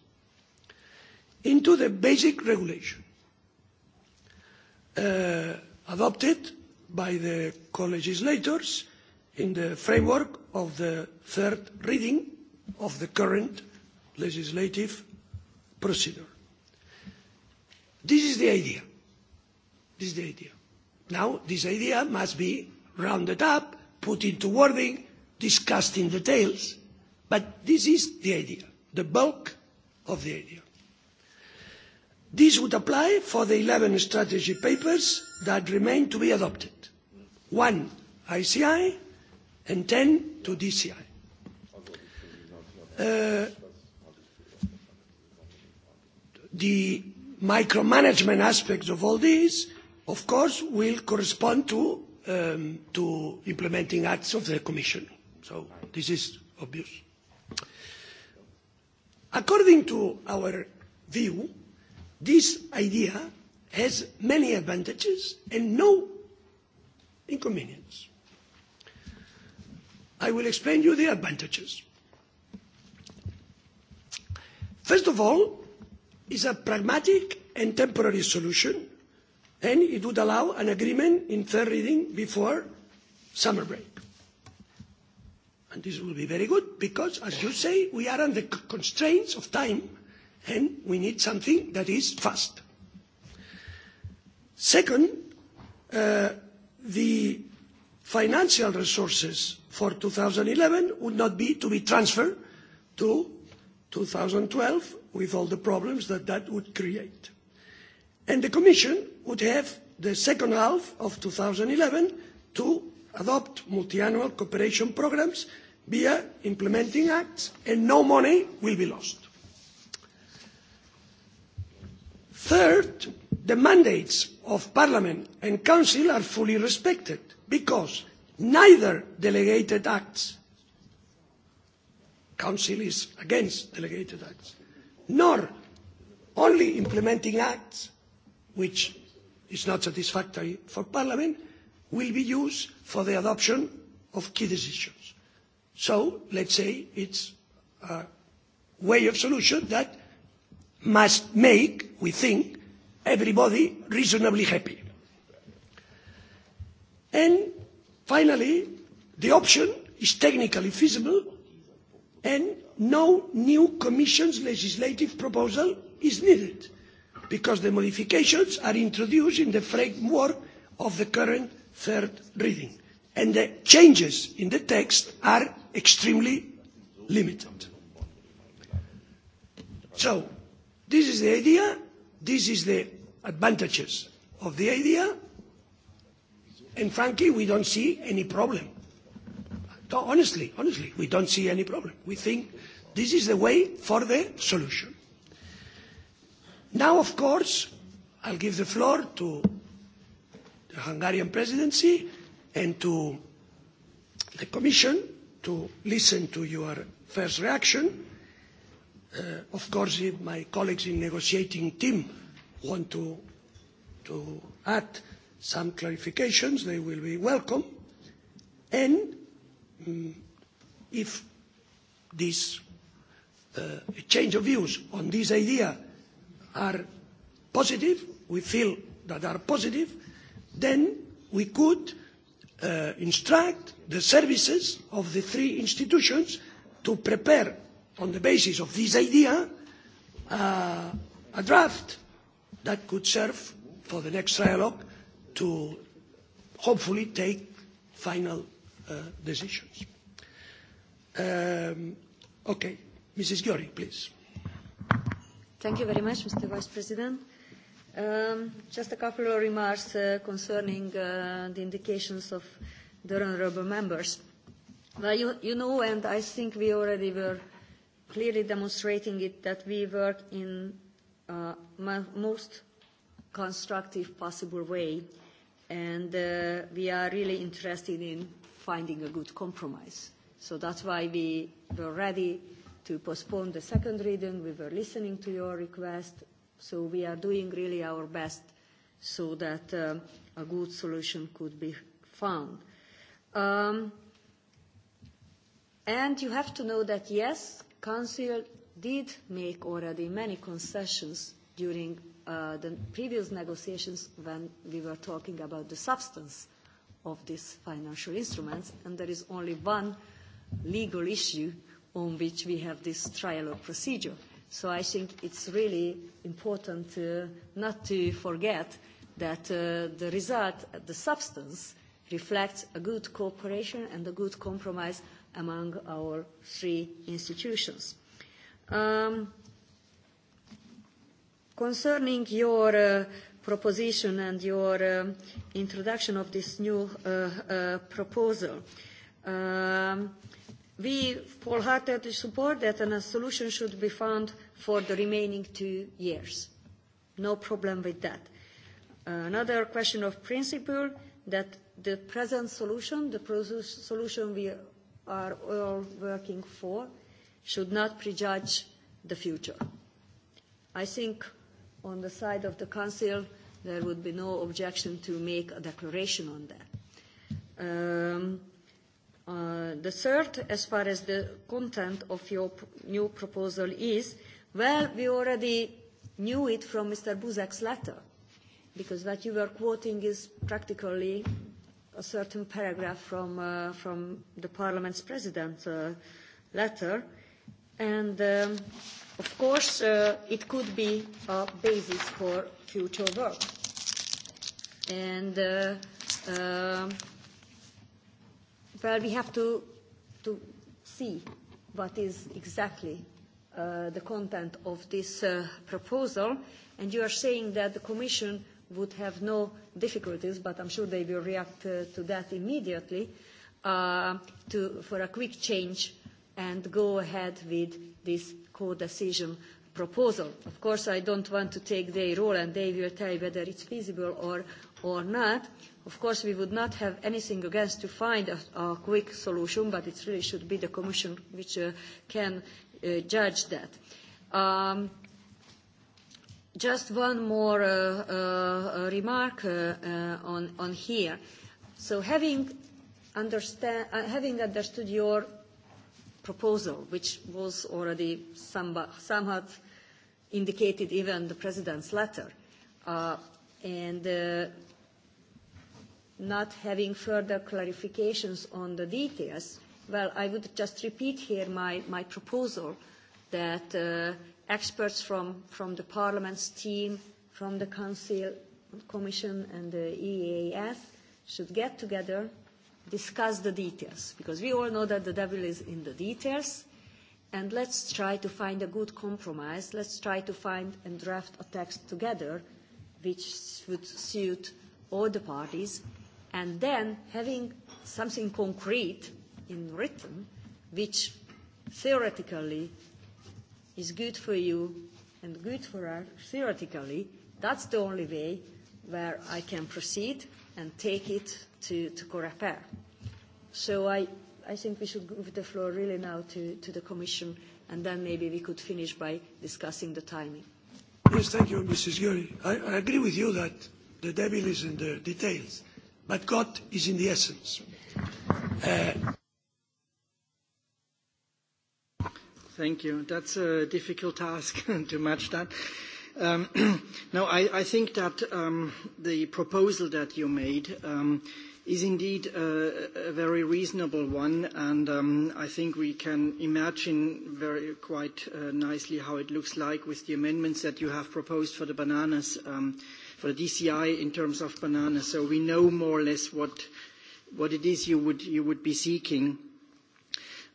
S1: into the basic regulation adopted by the co-legislators in the framework of the third reading of the current legislative procedure. This is the idea. This is the idea. Now, this idea must be rounded up, put into wording, discussed in details, but this is the idea, the bulk of the idea this would apply for the eleven strategy papers that remain to be adopted one ici and ten to dci. the micromanagement aspects of all this of course will correspond to implementing acts of the commission so this is obvious. according to our view This idea has many advantages and no inconvenience. I will explain you the advantages. First of all, is a pragmatic and temporary solution, and it would allow an agreement in third reading before summer break. And this will be very good because, as you say, we are under constraints of time and we need something that is fast. Second, the financial resources for eleven would not be to be transferred to twelve with all the problems that that would create. And the Commission would have the second half of eleven to adopt multiannual cooperation programmes via implementing acts, and no money will be lost third the mandates of parliament and council are fully respected because neither delegated acts council is against delegated acts nor only implementing acts which is not satisfactory for parliament will be used for the adoption of key decisions. so let us say it is a way of solution that must make, we think, everybody reasonably happy. And finally, the option is technically feasible and no new Commission's legislative proposal is needed because the modifications are introduced in the framework of the current third reading and the changes in the text are extremely limited. So This is the idea, this is the advantages of the idea, and frankly, we don't see any problem. Honestly, honestly, we don't see any problem. We think this is the way for the solution. Now, of course, I'll give the floor to the Hungarian presidency and to the Commission to listen to your first reaction of course, if my colleagues in the negotiating team want to, to add some clarifications, they will be welcome. And if this change of views on this idea are positive, we feel that are positive, then we could instruct the services of the three institutions to prepare on the basis of this idea, a draft that could serve for the next trialogue to hopefully take final decisions. okay, Mrs. Giori, please.
S4: Thank you very much, Mr. Vice President. Um, just a couple of remarks uh, concerning uh, the indications of the honourable members. Well, you, you know, and I think we already were clearly demonstrating it that we work in uh, most constructive possible way and uh, we are really interested in finding a good compromise. So that's why we were ready to postpone the second reading. We were listening to your request. So we are doing really our best so that um, a good solution could be found. Um, and you have to know that, yes, Council did make already many concessions during uh, the previous negotiations when we were talking about the substance of these financial instruments, and there is only one legal issue on which we have this trialogue procedure. So I think it's really important uh, not to forget that uh, the result, the substance, reflects a good cooperation and a good compromise among our three institutions. Um, concerning your uh, proposition and your uh, introduction of this new uh, uh, proposal, um, we wholeheartedly support that a solution should be found for the remaining two years. No problem with that. Another question of principle that the present solution, the solution we are all working for should not prejudge the future. I think on the side of the Council there would be no objection to make a declaration on that. Um, uh, the third, as far as the content of your new proposal is, well, we already knew it from Mr. Buzek's letter, because what you were quoting is practically a certain paragraph from, uh, from the Parliament's President's uh, letter. And um, of course, uh, it could be a basis for future work. And uh, uh, well, we have to, to see what is exactly uh, the content of this uh, proposal. And you are saying that the Commission would have no difficulties, but I'm sure they will react uh, to that immediately, uh, to, for a quick change and go ahead with this co-decision proposal. Of course, I don't want to take their role and they will tell whether it's feasible or, or not. Of course, we would not have anything against to find a, a quick solution, but it really should be the Commission which uh, can uh, judge that. Um, Just one more uh, uh, remark uh, uh, on, on here. So having, understand, uh, having understood your proposal, which was already somewhat, somewhat indicated even the President's letter, uh, and uh, not having further clarifications on the details, well, I would just repeat here my, my proposal that uh, experts from, from the Parliament's team, from the Council, Commission and the EEAS should get together, discuss the details, because we all know that the devil is in the details, and let's try to find a good compromise. Let's try to find and draft a text together which would suit all the parties, and then having something concrete in written which theoretically is good for you and good for us theoretically, that's the only way where I can proceed and take it to, to Coreper. So I, I think we should give the floor really now to, to the Commission, and then maybe we could finish by discussing the timing.
S1: Yes, thank you, Mrs. Gyuri. I, I agree with you that the devil is in the details, but God is in the essence. Uh,
S6: thank you. That's a difficult task to match that. no, I, I think that the proposal that you made is indeed a, very reasonable one, and I think we can imagine very quite nicely how it looks like with the amendments that you have proposed for the bananas, for the DCI in terms of bananas. So we know more or less what it is you would you would be seeking.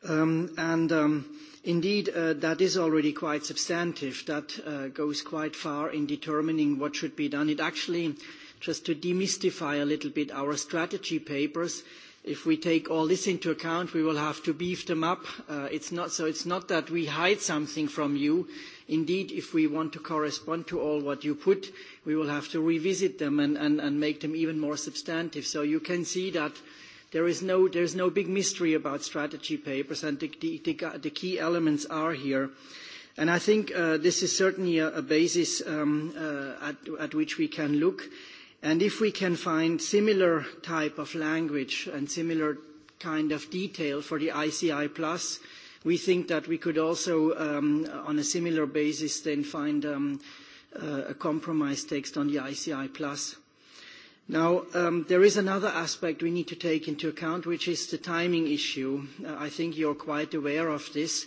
S6: and Indeed, that is already quite substantive. That goes quite far in determining what should be done. It actually, just to demystify a little bit our strategy papers, if we take all this into account, we will have to beef them up. It's not so it's not that we hide something from you. Indeed, if we want to correspond to all what you put, we will have to revisit them and make them even more substantive. So you can see that There is no, there's no big mystery about strategy papers, and the, the, the key elements are here. And I think uh, this is certainly a, a basis um, uh, at, at which we can look. And if we can find similar type of language and similar kind of detail for the ICI Plus, we think that we could also, um, on a similar basis, then find um, uh, a compromise text on the ICI Plus. Now, there is another aspect we need to take into account, which is the timing issue. I think you're quite aware of this.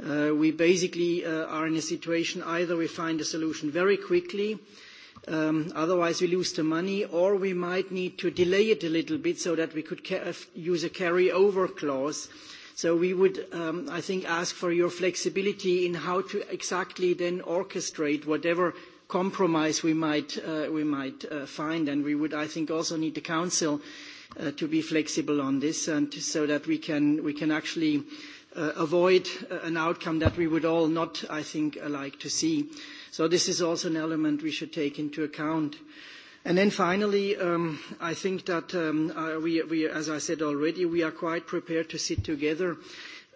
S6: We basically are in a situation, either we find a solution very quickly, otherwise we lose the money, or we might need to delay it a little bit so that we could use a carryover clause. So we would, I think, ask for your flexibility in how to exactly then orchestrate whatever compromise we might, we might find. And we would, I think, also need the Council to be flexible on this and so that we can, we can actually avoid an outcome that we would all not, I think, like to see. So this is also an element we should take into account. And then finally, I think that we, as I said already, we are quite prepared to sit together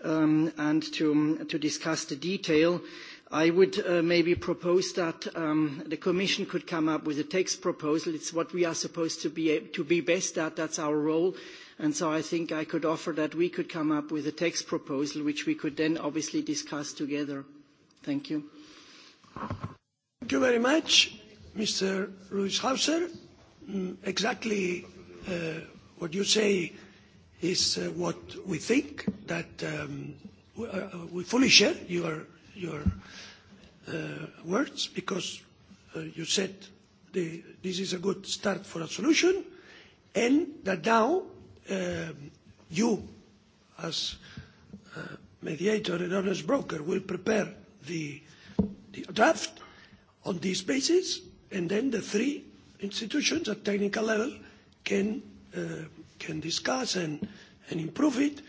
S6: and to discuss the detail. I would maybe propose that the Commission could come up with a text proposal. It's what we are supposed to be, to be best at. That's our role. And so I think I could offer that we could come up with a text proposal, which we could then obviously discuss together. Thank you. Thank you very much, Mr. Ruishauser.
S1: Exactly what you say is what we think, that we fully share your your words because you said the, this is a good start for a solution and that now you as mediator and honest broker will prepare the, the draft on this basis and then the three institutions at technical level can, can discuss and, and improve it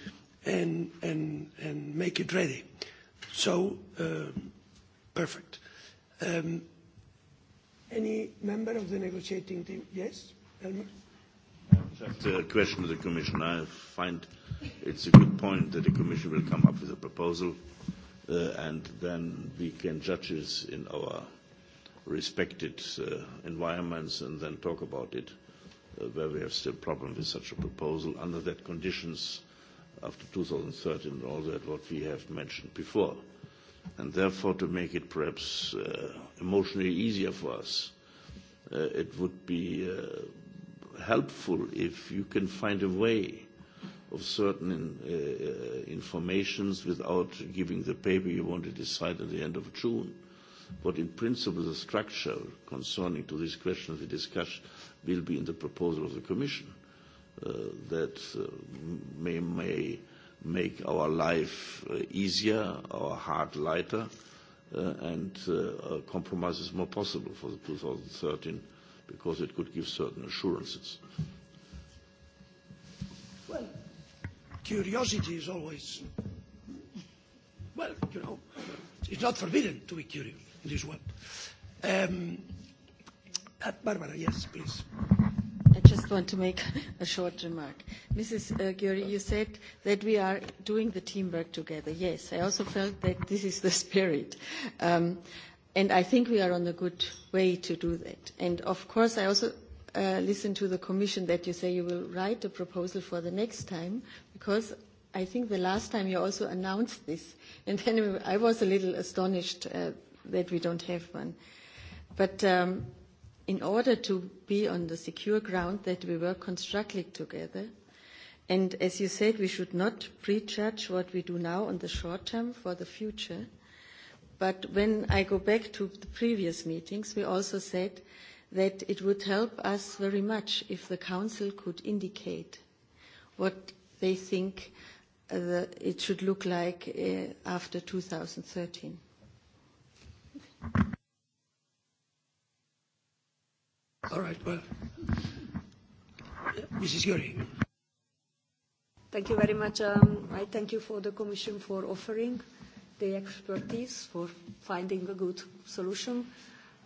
S1: and, and, and make it ready. So, perfect. Any member of the negotiating team? Yes, Elmar?
S3: Just a question to the Commission. I find it's a good point that the Commission will come up with a proposal, and then we can judge it in our respected environments and then talk about it, where we have still problem with such a proposal. Under that conditions, after 2013 and all that, what we have mentioned before. And therefore, to make it perhaps uh, emotionally easier for us, uh, it would be uh, helpful if you can find a way of certain uh, informations without giving the paper you want to decide at the end of June. But in principle, the structure concerning to question of we discussion will be in the proposal of the Commission uh, that uh, may, may make our life uh, easier, our heart lighter, uh, and uh, uh, compromises more possible for the 2013 because it could give certain assurances.
S1: Well, curiosity is always, well, you know, it's not forbidden to be curious in this world. Um, Barbara, yes, please.
S5: I just want to make a short remark. Mrs. Gyuri, you said that we are doing the teamwork together. Yes, I also felt that this is the spirit. Um, and I think we are on a good way to do that. And of course, I also uh, listen to the Commission that you say you will write a proposal for the next time, because I think the last time you also announced this, and then I was a little astonished uh, that we don't have one. But um, in order to be on the secure ground that we work constructively together. And as you said, we should not prejudge what we do now on the short term for the future. But when I go back to the previous meetings, we also said that it would help us very much if the Council could indicate what they think the, it should look like uh, after 2013.
S1: All right, well, Mrs. Yuri.
S4: Thank you very much. Um, I thank you for the Commission for offering the expertise for finding a good solution.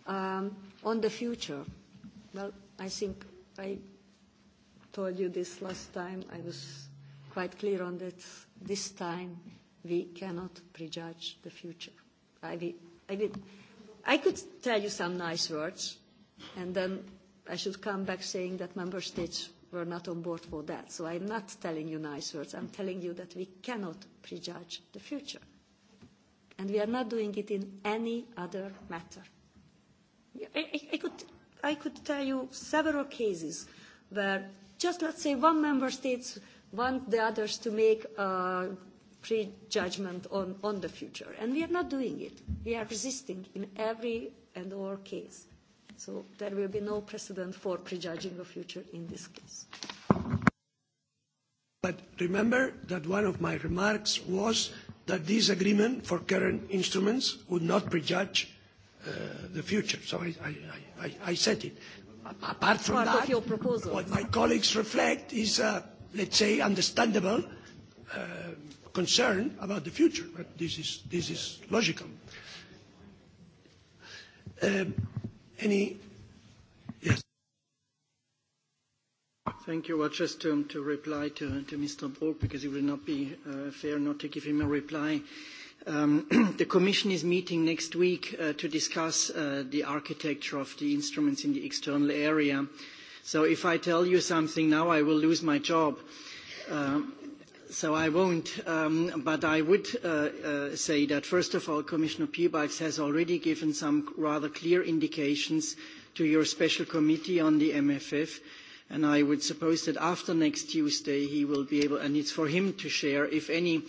S4: Um, on the future, well, I think I told you this last time. I was quite clear on that. This time, we cannot prejudge the future. I, I, I could tell you some nice words, And then I should come back saying that member states were not on board for that. So I'm not telling you nice words. I'm telling you that we cannot prejudge the future. And we are not doing it in any other matter. I, I, could, I could tell you several cases where just let's say one member state wants the others to make a prejudgment on, on the future. And we are not doing it. We are resisting in every and all case. So there will be no precedent for prejudging the future in this case.
S1: But remember that one of my remarks was that this agreement for current instruments would not prejudge uh, the future. So I, I, I, I said it. Apart from that, what my colleagues reflect is, a let's say, understandable uh, concern about the future. But this is, this is logical.
S6: Um, Any? Yes. Thank you. Well, just to to reply to to Mr. Brok, because it would not be uh, fair not to give him a reply. Um, The Commission is meeting next week uh, to discuss uh, the architecture of the instruments in the external area. So if I tell you something now, I will lose my job So I won't, but I would say that, first of all, Commissioner Piebalgs has already given some rather clear indications to your special committee on the MFF, and I would suppose that after next Tuesday, he will be able, and it's for him to share, if any,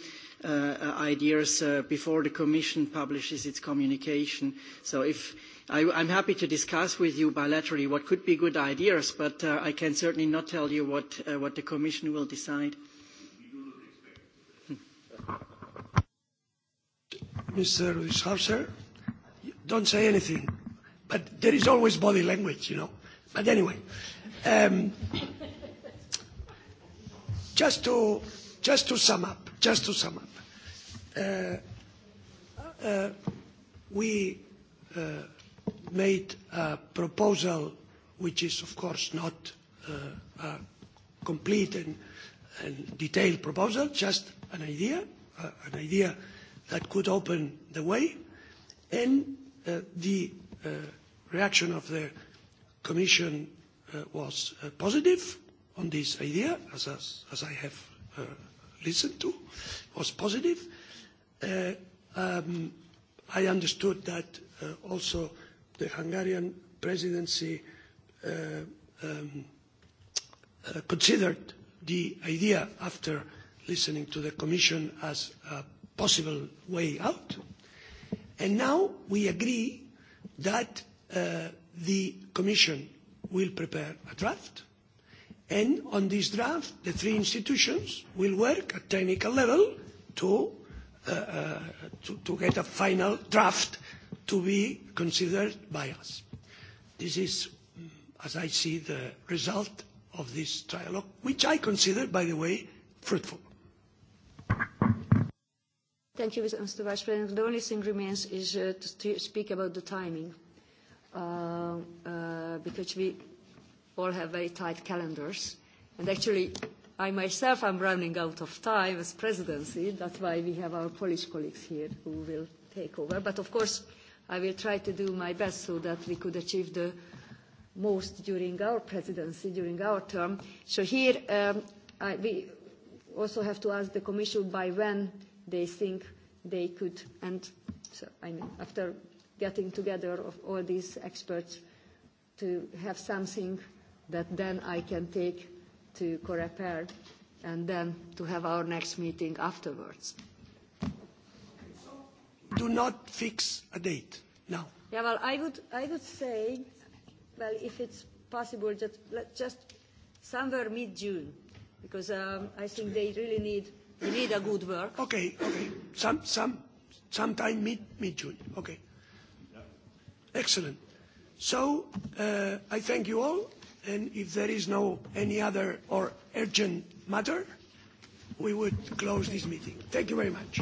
S6: ideas before the Commission publishes its communication. So if I, I'm happy to discuss with you bilaterally what could be good ideas, but I can certainly not tell you what the Commission will decide. Mr. Schauser,
S1: don't say anything. But there is always body language, you know. But anyway, um, just to just to sum up, just to sum up, uh, uh, we uh, made a proposal which is, of course, not uh, a complete and, and detailed proposal, just an idea, uh, an idea that could open the way, and uh, the uh, reaction of the Commission uh, was uh, positive on this idea, as, as, as I have uh, listened to, was positive. Uh, um, I understood that uh, also the Hungarian presidency uh, um, uh, considered the idea after listening to the Commission as a possible way out. And now we agree that the Commission will prepare a draft, and on this draft, the three institutions will work at technical level to, get a final draft to be considered by us. This is, as I see, the result of this trialogue, which I consider, by the way, fruitful.
S4: Thank you, Mr. Vice President. The only thing remains is uh, to speak about the timing, uh, uh, because we all have very tight calendars. And actually, I myself am running out of time as presidency. That's why we have our Polish colleagues here who will take over. But of course, I will try to do my best so that we could achieve the most during our presidency, during our term. So here, um, I, we also have to ask the Commission by when they think they could. And so, I mean, after getting together of all these experts to have something that then I can take to Coreper and then to have our next meeting
S1: afterwards. Do not fix a date now.
S4: Yeah, well, I would, I would say, well, if it's possible, just, just somewhere mid-June, because um, I think they really need We need a
S1: good work. Okay, okay. Some, some, sometime mid, mid-June. Okay. Excellent. So uh, I thank you all. And if there is no any other or urgent matter, we would close this meeting. Thank you very much.